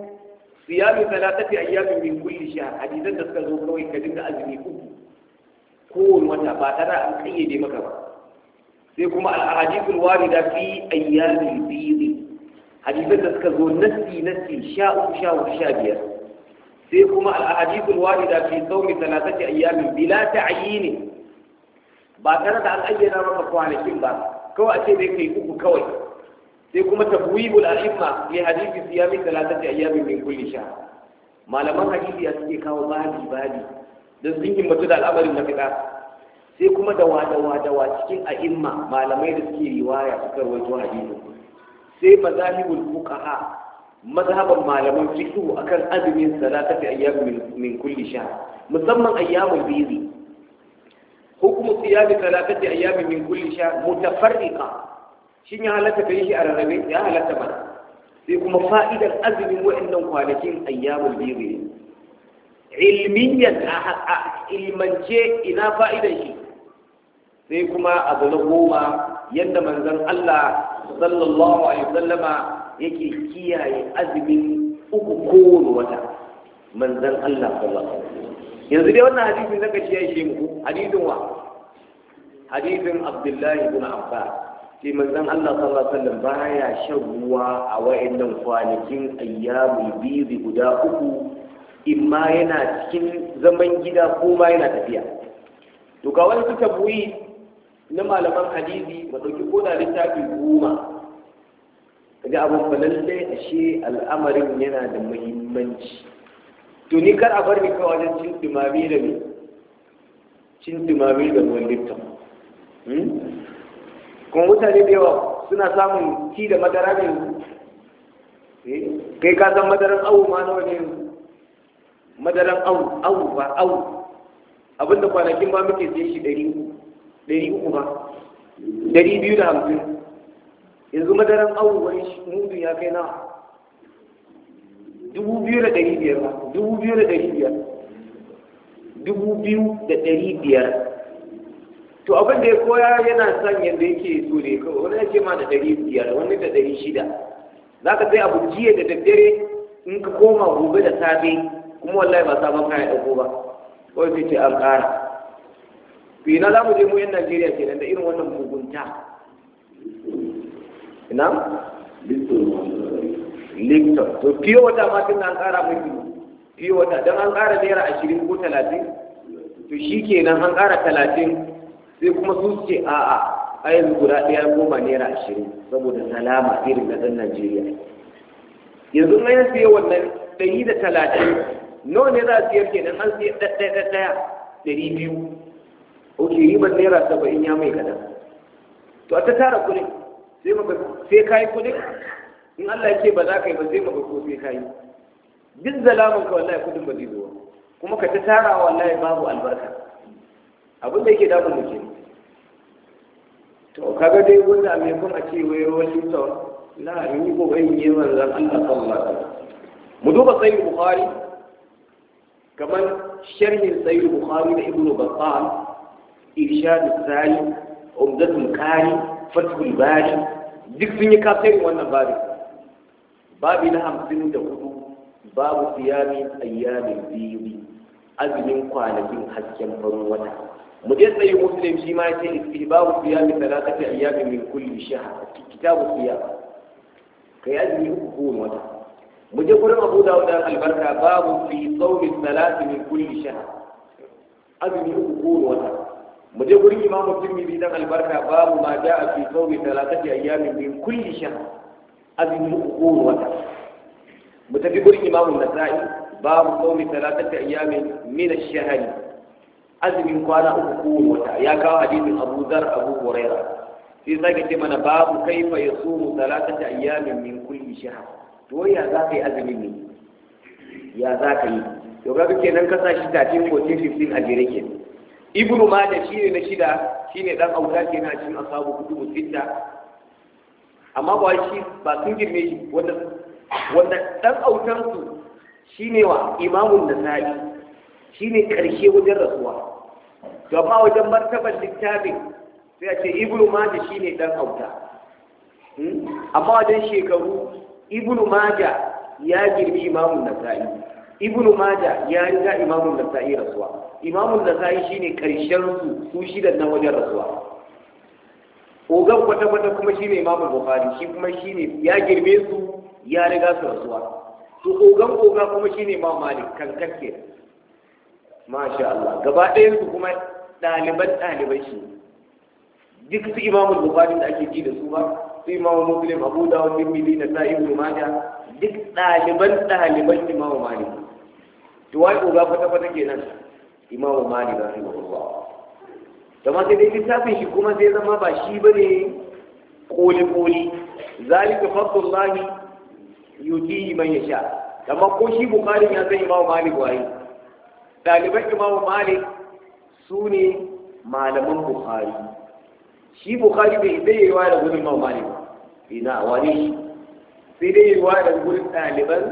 siyamu fi ayyamin min kulli shahr hadisan da suka zo kawai ka dinga azumi uku kowane wata ba tara an kayyade maka ba sai kuma al-ahadithul warida fi ayyamil bidh hadisan da suka zo nasi nasi sha uku sha uku sha biyar sai kuma al-ahadithul warida fi sawmi thalathati ayyamin bila ne. ba tare da an ayyana maka kwanakin ba kawai a ce bai kai uku kawai sai kuma tafwibul a'imma li hadithi siyami thalathati ayyamin min kulli sha. malaman hadisi suke kawo babi babi don sun yi mutu da al'amarin mafita sai kuma da wadawa dawa cikin a'imma malamai da suke riwaya suka rawaito hadisi sai mazahibul fuqaha mazhaban malaman fiqh akan azumin fi ayyam min kulli shahr musamman ayyamul bidhi hukumu salata fi ayyam min kulli shahr mutafarriqa shin ya halatta kai shi a rarrabe ya halatta ba sai kuma fa'idar azumin wa'annan kwanakin ayyamul bayd ilmiyan a ilmance ina fa'idan shi sai kuma abu na goma yadda manzan Allah sallallahu alaihi wasallama yake kiyaye azumin uku kowane wata Manzan Allah sallallahu alaihi yanzu dai wannan hadisi na kashi ya shi muku hadisin wa hadisin Abdullahi ibn Abbas sai manzon Allah sallallahu alaihi wasallam baya shan ruwa a wayannan kwanakin ayyamul bizi guda uku imma yana cikin zaman gida ko ma yana tafiya to ga wani suka buyi na malaman hadisi ba ɗauki ko da littafi goma kaga abin balalle lallai ashe al'amarin yana da muhimmanci to ni kar a bar ni kawai wajen cin dumami da ni cin dumami da ruwan hmm? kuma mutane da yawa suna samun ci da madara ne eh? kai ka san madaran awu ma nawa ne madaran awu awu ba awu abinda kwanakin ba muke sai shi ɗari uku ɗari uku ba ɗari biyu da hamsin yanzu madaran awu wani mudu ya kai na dubu biyu da ɗari biyar ba dubu biyu da ɗari biyar dubu biyu da ɗari biyar to abin da ya koya yana son yadda yake so ne kawai wani ya ce ma da ɗari biyar wani da ɗari shida za ka sai abu jiya da daddare in ka koma gobe da safe kuma wallahi ba sabon kaya ɗauko ba kawai sai ce an ƙara to ina za je mu yan Najeriya nan da irin wannan mugunta ina Likton. to fiye wata ma tun an ƙara mai fiye wata don an ƙara naira ashirin ko talatin to shi kenan an ƙara talatin sai kuma su ce a'a a yanzu guda ɗaya goma naira ashirin saboda salama irin na ɗan Najeriya yanzu na yin siya wannan ɗari da talatin nawa ne za a siyar kenan an siya ɗaya ɗaya ɗari biyu ok ribar naira saba'in ya mai kada to a ta tara kuɗin sai maka sai kayi kuɗin in Allah yake ba za ka yi ba sai maka ko sai kayi duk zalamin ka wallahi kuɗin ba zai zo kuma ka ta tara wallahi babu albarka abin da yake damun da ke to kaga dai wanda a mai kuma ce wai ruwan lifton ni yi bai yi zan Allah sallallahu alaihi mu duba sahih bukhari kamar sharhin sayyid bukhari da ibnu battal irshadu sari umdatul kari fatul bari duk sun yi kafirin wannan babin babi na hamsin da hudu babu siyami ayyamin biyu azumin kwanakin hasken farin wata mu je tsaye muslim shi ma yace istihbabu siyami salatati ayyamin min kulli shahr kitabu siyam kai azumi uku ko wata mu je gurin Abu Dawud da albarka babu fi sawmi salati min kulli shahr azumi uku ko wata mu je gurin imamu bi dan albarka babu ma a fi sawmi thalathati ayyamin min kulli shahr azmi uku wata mu tafi gurin imamu nasa'i babu sawmi thalathati ayyamin min ash shahr azmin kwana uku ko wata ya kawo hadisin Abu dar Abu Huraira sai sake ce mana babu kaifa yasumu thalathati ayyamin min kulli shahr to ya za ka yi azumin ne ya za ka yi to ga kenan ka sa shi 13 14 15 a jere kenan ibnu mada shi ne na shida shi ne ɗan auda ke na cikin asabu kutubu sitta amma ba shi ba sun girme shi wanda wanda ɗan autansu shi ne wa imamun da sa'i shi ne ƙarshe wajen rasuwa to amma wajen martabar littafin sai a ce ibnu mada shi ne ɗan auta hmm? amma wajen shekaru ibnu mada ya girme imamun da sa'i ibnu maja ya riga imamun nasa'i rasuwa imamun nasa'i shine karshen su su shi da na wajen rasuwa ogan kwata-kwata kuma shine imamu bukhari shi kuma shine ya girbe su ya riga su rasuwa To ogan oga kuma shine imamu malik kankakke masha Allah gaba ɗayan su kuma ɗaliban ɗaliban shi duk su imamu bukhari da ake ji da su ba su imamu muslim abu dawud bin bili na ibnu maja duk ɗaliban ɗaliban imamu malik tuwai wai oga kwata kwata kenan imamu malik rahimahullah kamar sai dai littafin shi kuma zai zama ba shi ba ne koli koli zalika fadlullahi yuti man sha. kamar ko shi bukari ya zai imamu ba waye daliban imamu mali su ne malaman bukari shi bukari bai zai yi wa da gurin imamu ba ina wani shi sai dai yi wa da gurin ɗaliban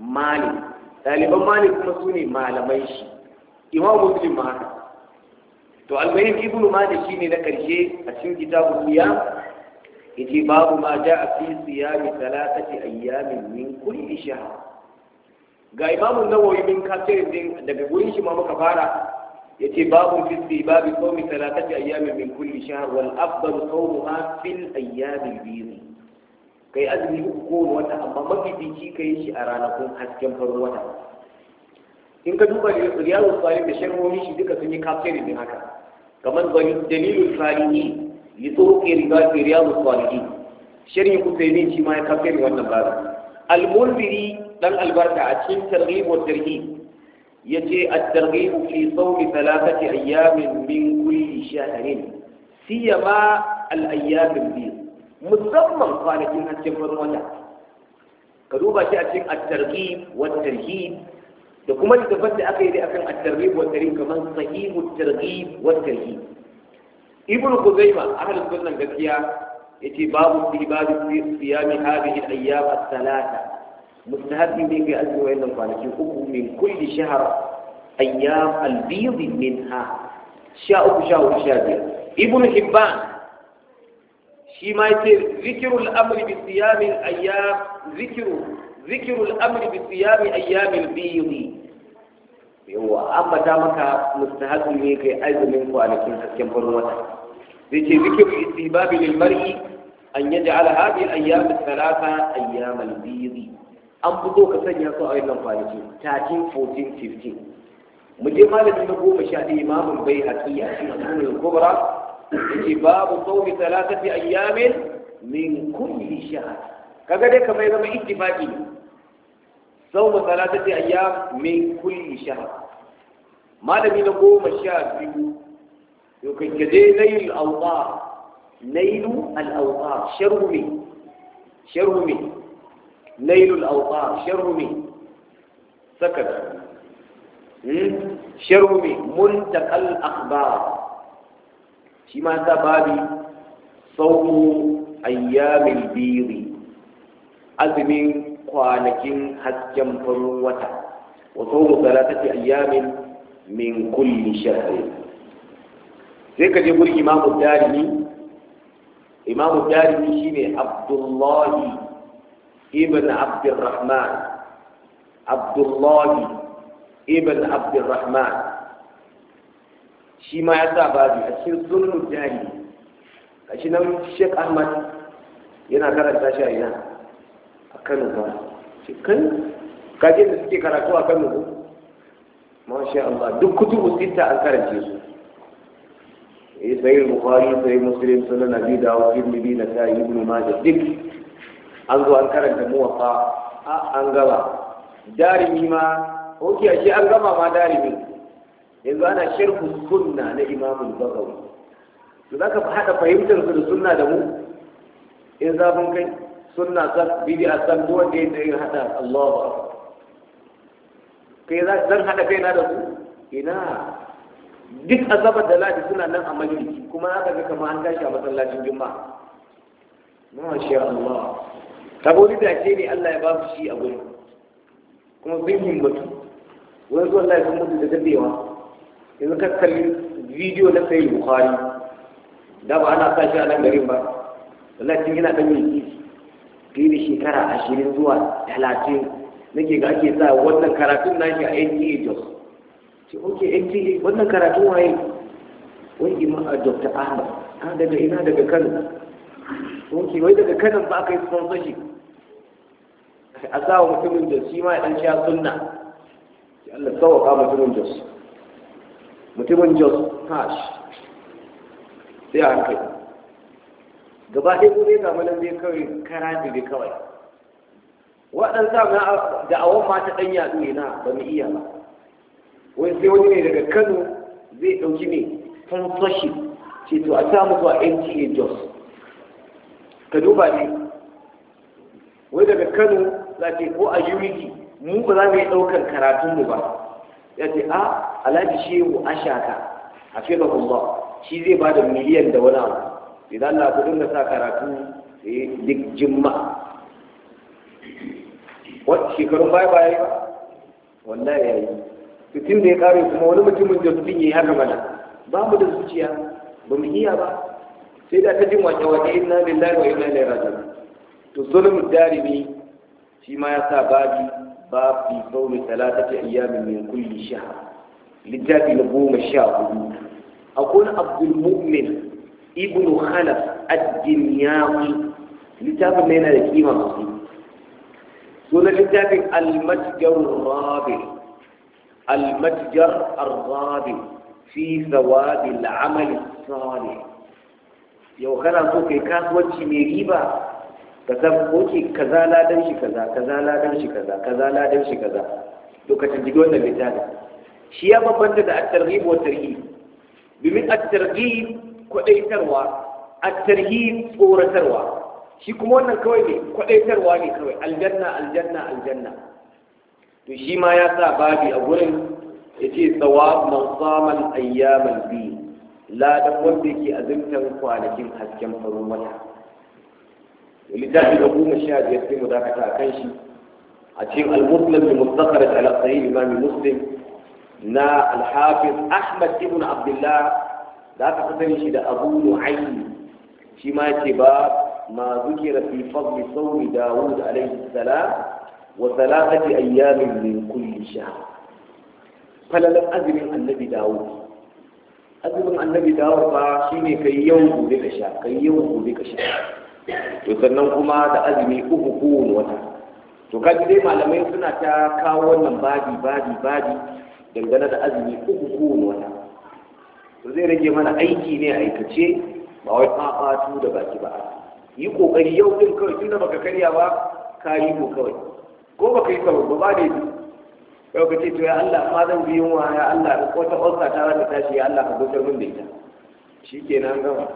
mali. ɗaliban malik kuma su ne malamai shi imam muslim ma haka to almayin ibnu malik shi ne na ƙarshe a cikin kitabun siyam yace babu ma ja'a fi siyami thalathati ayyamin min kulli shahr ga imam an-nawawi min kafir din daga gurin shi ma muka fara yace babu fi sibabi sawmi thalathati ayyamin min kulli shahr wal afdalu sawmuha fil ayyamil bayd kai azumi uku ko wata amma mafi mafifici ka yi shi a ranakun hasken farin wata in ka duba riyadu salim da sharhohi shi duka sun yi kafin din haka kamar dalilul farihi li turuqi ribati riyadu salihin sharhi kutaymin shi ma ya kafin wannan ba. al-munziri dan albarka a cikin targhib wa tarhib yace at-targhib fi sawm thalathati ayyamin min kulli shahrin siyama al-ayyam al-bid musamman kwanakin hasken farin wata ka duba shi a cikin at wata wa da kuma littafin da aka yi da akan at-targhib wa tarhib kamar sahihu at-targhib wa tarhib ibnu kuzaima ahlus sunan gaskiya ya ce babu ibadu siyami hadhihi al-ayyam ath-thalatha mustahabbi ne ga azumi wannan kwanaki uku min kulli shahr ayyam al min ha? sha uku sha uku sha biyar ibnu hibban shi ma yace zikrul amri bi siyamil ayyam zikru zikrul amri bi siyami ayyamil bidi yawa ambata maka mustahabi ne kai azumin kwanakin hasken farin wata yace zikru istibabi lil mar'i an yaj'al hadhihi ayyam thalatha ayyam al bidi an fito ka sanya su a wannan kwanaki 13 14 15 mu je malami na goma sha ɗaya imamun bai haƙi a cikin al'ummar kubra اتباب صوم ثلاثه ايام من كل شهر كذا ده كما يرمى اتفاقي صوم ثلاثه ايام من كل شهر ما لم يقوم مشاهد بيو يوكي كده نيل الاوطار نيل الاوطار شرمي شرمي نيل الاوطار شرمي سكت شرمي منتقى الاخبار shi ma ta babi sauku ayyamin biri azumin kwanakin hasken farin wata wa sauku talatati ayyamin min kulli shahri sai ka je gurin imamu darimi imamu darimi shine abdullahi ibn abdurrahman abdullahi ibn abdurrahman shi ma ya sa babu a cikin zulmul jari a shi nan Sheikh Ahmad yana karanta shi a ina a Kano ba kan kaje da suke karatu a Kano ko masha Allah duk kutubu sita an karance su eh sai Bukhari sai Muslim sunan Abi Dawud bi na Sa'i Ibn Majah duk an zo an karanta muwafa a an gaba darimi ma a shi an gama ma darimi yanzu ana shirku sunna na imamun bagawi to za ka haɗa fahimtar su da sunna da mu in zafin kai sunna san bidi'a san duk wanda ya yi haɗa Allahu akbar kai zan haɗa kaina da su ina duk azabar da ladi suna nan a majalisi kuma haka ga kamar an tashi a masallacin juma'a masha Allah kabori da ce ne Allah ya ba su shi a gurin kuma sun mutu. wani zuwan laifin mutu da dadewa yanzu ka kalli bidiyo na sayi bukari da ba ana sa shi a nan garin ba wallahi cikin yana ɗan yanki fiye da shekara ashirin zuwa talatin nake ga ake sa wannan karatun nashi a NTA Jos ce oke NTA wannan karatun waye wani ima a ah, Dr. Ahmad a ah, daga ina daga Kano oke wai daga Kano ba aka yi sponsorship a sa wa mutumin Jos shi ma ya ɗan sha sunna Allah sauwaka mutumin Jos mutumin jos hash sai a hankali gaba ɗaya kuma ya zama nan zai kawai kara jibi kawai waɗansu abu da awon mata ɗan yaɗu ne na ba mu iya ba wani sai wani ne daga kano zai ɗauki ne sponsorship ce to a samu zuwa nta jos ka duba ne wai daga kano za ce ko a wiki, mu ba za mu yi ɗaukar karatunmu ba ya ce a ah, alhaji shehu ashaka hafizahullah shi zai ba da miliyan da wani abu idan Allah ku dinga sa karatu sai eh, duk jimma wata shekarun baya baya ba ya yi fitin da ya kare kuma wani mutumin da ya yi haka mana ba mu da zuciya ba mu iya ba sai da ta jin wake wake na lillahi wa inna ilaihi rajin to zulmud darimi shi ma ya sa babi babi Talata ta iya min kulli shahr littafi na goma sha hudu akwai abdul mu'min ibn khalaf ad-dinyawi littafin na yana da kima sosai sunan littafin al-matjar rabi al fi thawabi al-amal salih yau kana so kai kasuwanci mai riba kaza oke kaza ladan shi kaza kaza ladan shi kaza kaza ladan shi kaza to ka tuntubi wannan littafin shi ya bambanta da at-targhib wa tarhib domin at-targhib kwadaitarwa at-tarhib tsoratarwa shi kuma wannan kawai ne kwadaitarwa ne kawai aljanna aljanna aljanna to shi ma ya sa babi a gurin yace sawab man samal ayyamal bi ladan wanda yake azumtan kwanakin hasken farin wata littafi da goma sha biyar sai mu dakata a kan shi a cikin al-muslim bi mustaqarat ala sahih imam muslim na alhafin ahmad ibn abdullah da aka fi shi da abu nu'ayi shi ma ba ma zuke rafi fadli sauri da wuri da alaihi salam wa salatati ayyamin min kulli sha falalar azumin annabi dawo azumin annabi dawo ba shine kai yau gobe ka sha kai yau gobe ka sha to sannan kuma da azumi uku kowane wata to kaji dai malamai suna ta kawo wannan badi badi badi dangane da azumi uku ko wata to zai rage mana aiki ne aikace ba wai fafatu da baki ba yi kokari yau din kawai tunda baka karya ba ka yi ko kawai ko baka yi kawai ba ba ne yau ka ce to ya Allah ma zan bi yunwa ya Allah ko ta ƙwasa ta za ta tashi ya Allah ka gusar min da ita shi ke kenan gama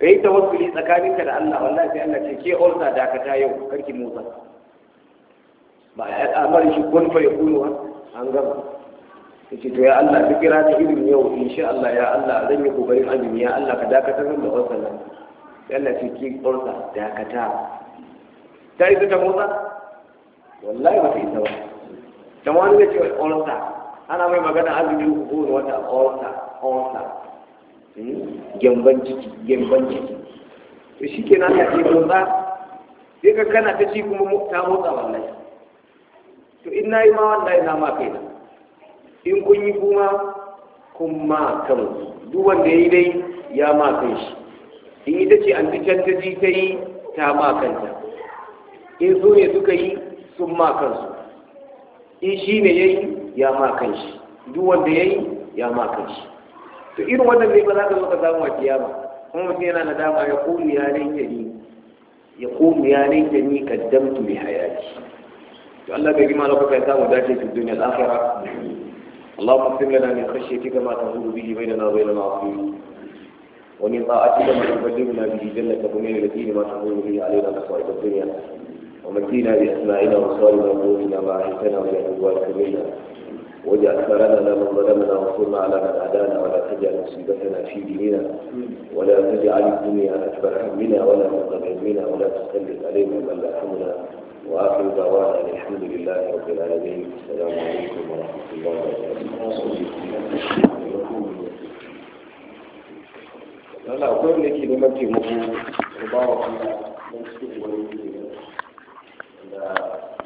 ka yi tawakkuli tsakaninka da Allah wallahi sai Allah ce ke ulsa dakata yau karki motsa ba ya amarin shi kun fa kuno an gama yace to ya Allah ka kira ta irin yau insha Allah ya Allah zan yi kokarin azumi ya Allah ka dakatar min da wannan nan Allah ce ki kursa dakata ta yi ta motsa wallahi ba ta isa ba da wani ya ce kursa ana mai magana azumi ko wata kursa kursa hmm? gemban ciki gyamban ciki to shikenan ya ce motsa sai ka kana ta ci kuma ta motsa wallahi to in nayi ma wallahi na ma na. in kun yi kuma kun ma kanku duk wanda ya yi dai ya ma kan shi in ita ce an fi ta ji ta yi ta ma kanta in su ne suka yi sun ma kansu in shi ne ya yi ya ma kan shi duk wanda ya yi ya ma kan shi to irin wannan zai ba za ka zo ka samu a kiyama kuma mutum yana dama ya komi ya rinke ni ya komi ya rinke ni kaddamtu bi hayaki to Allah bai gima ya samu dace fi duniya akhirah اللهم اقسم لنا من خشيتك ما تحول به بيننا وبين العظيم ومن طاعتك ما تبلغنا به جنتك ومن اليقين ما تحول به علينا مصائب الدنيا ومتينا باسماعنا وصالنا وقوتنا ما اعزتنا وبأزواجك بينا واجعل ثارنا من ظلمنا وانصرنا على من عدانا ولا تجعل مصيبتنا في ديننا ولا تجعل الدنيا اكبر همنا ولا مبلغ علمنا ولا تسلط علينا من لا يرحمنا وآخر دعوانا الحمد لله رب العالمين السلام عليكم ورحمة الله وبركاته wala akwai wanda ke neman taimako ba wa kuma don cikin wani da